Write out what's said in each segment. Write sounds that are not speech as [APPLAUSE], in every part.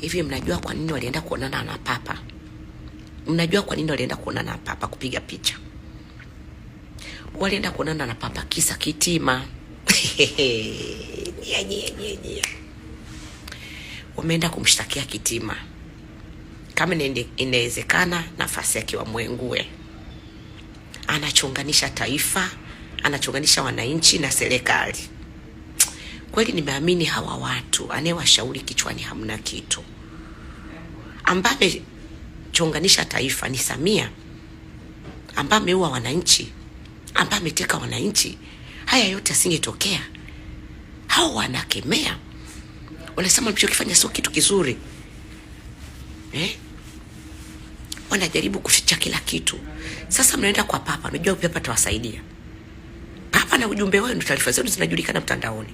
hivi mnajua kwa nini walienda kuonana na Papa? Mnajua kwa nini walienda kuonana na Papa kupiga picha? Walienda kuonana na Papa kisa Kitima. Nyia, [LAUGHS] nyia, nyia, nyia. Wameenda kumshtakia Kitima kama inawezekana, nafasi yake wamwengue. Anachunganisha taifa, anachunganisha wananchi na serikali. Kweli nimeamini hawa watu, anayewashauri kichwani hamna kitu. Ambaye chonganisha taifa ni Samia, ambaye ameua wananchi, ambaye ameteka wananchi. Haya yote asingetokea. Hao wanakemea, wanasema mlichokifanya sio kitu kizuri eh? Wanajaribu kuficha kila kitu. Sasa mnaenda kwa Papa, unajua Papa atawasaidia. Papa na ujumbe wao, ndio taarifa zetu zinajulikana mtandaoni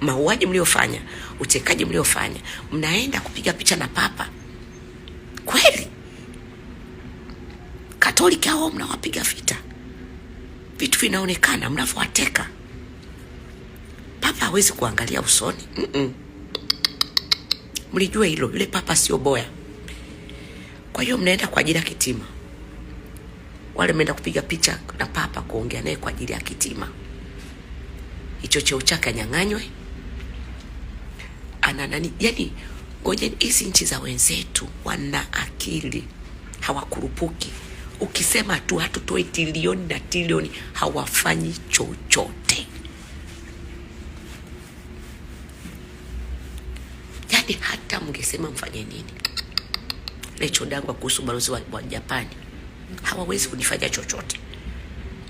mauaji mliofanya, utekaji mliofanya, mnaenda kupiga picha na papa kweli? Katoliki hao mnawapiga vita, vitu vinaonekana mnavyowateka. Papa hawezi kuangalia usoni mm -mm. Mlijua hilo, yule papa sio boya. Kwa hiyo mnaenda kwa ajili ya kitima, wale mnaenda kupiga picha na papa, kuongea naye kwa ajili ya kitima. Hicho cheo chake anyang'anywe na nani, yani ngoja, hizi nchi za wenzetu wana akili, hawakurupuki. Ukisema tu hatutoe trilioni na trilioni, hawafanyi chochote. Yani hata mngesema mfanye nini, lechodangwa Dangwa kuhusu balozi wa, wa Japani, hawawezi kunifanya chochote.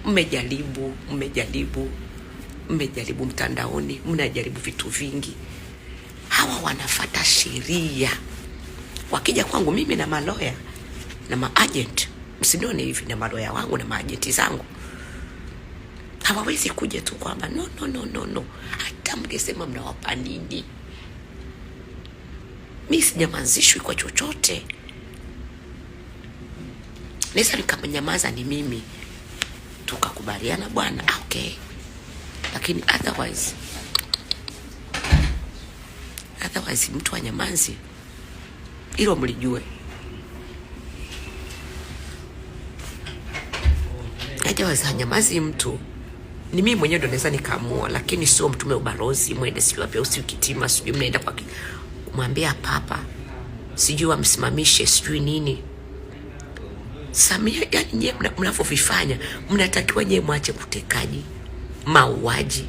Mmejaribu, mmejaribu mmejaribu mtandaoni, mnajaribu vitu vingi hawa wanafata sheria. Wakija kwangu mimi na maloya na maagent, msinione hivi, na maloya wangu na maagenti zangu hawawezi kuja tu kwamba no, no, no, no, no. Hata mgesema mnawapa nini, mi sinyamazishwi kwa chochote. Naweza nikanyamaza ni mimi, tukakubaliana bwana, okay, lakini otherwise otherwise mtu anyamanzi, ilo mlijue. Otherwise anyamazi mtu, ni mimi mwenyewe ndo naweza nikaamua, lakini sio mtume ubalozi mwende sijui wapi, usi Kitima, sijui mnaenda kwa kumwambia papa sijui wamsimamishe sijui nini Samia. Yani nyewe mnavyovifanya mnatakiwa nyewe mwache kutekaji mauaji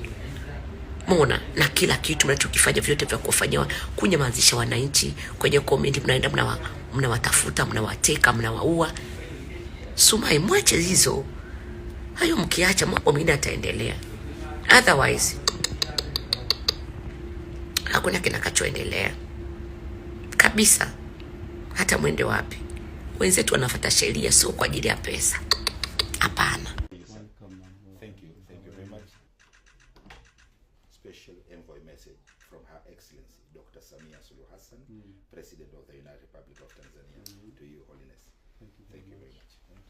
Mona na kila kitu mnachokifanya vyote vya kuwafanyia kunyamazisha wananchi, kwenye comment mnaenda mnawatafuta, mna mnawateka, mnawaua. sumai mwache hizo hayo, mkiacha mambo mengine ataendelea, otherwise hakuna kinakachoendelea kabisa, hata mwende wapi. Wenzetu wanafuata sheria, sio kwa ajili ya pesa, hapana. special envoy message from Her Excellency Dr. Samia Suluhu Hassan, mm. President of the United Republic of Tanzania, mm. to Your Holiness. Thank you very, Thank You very much.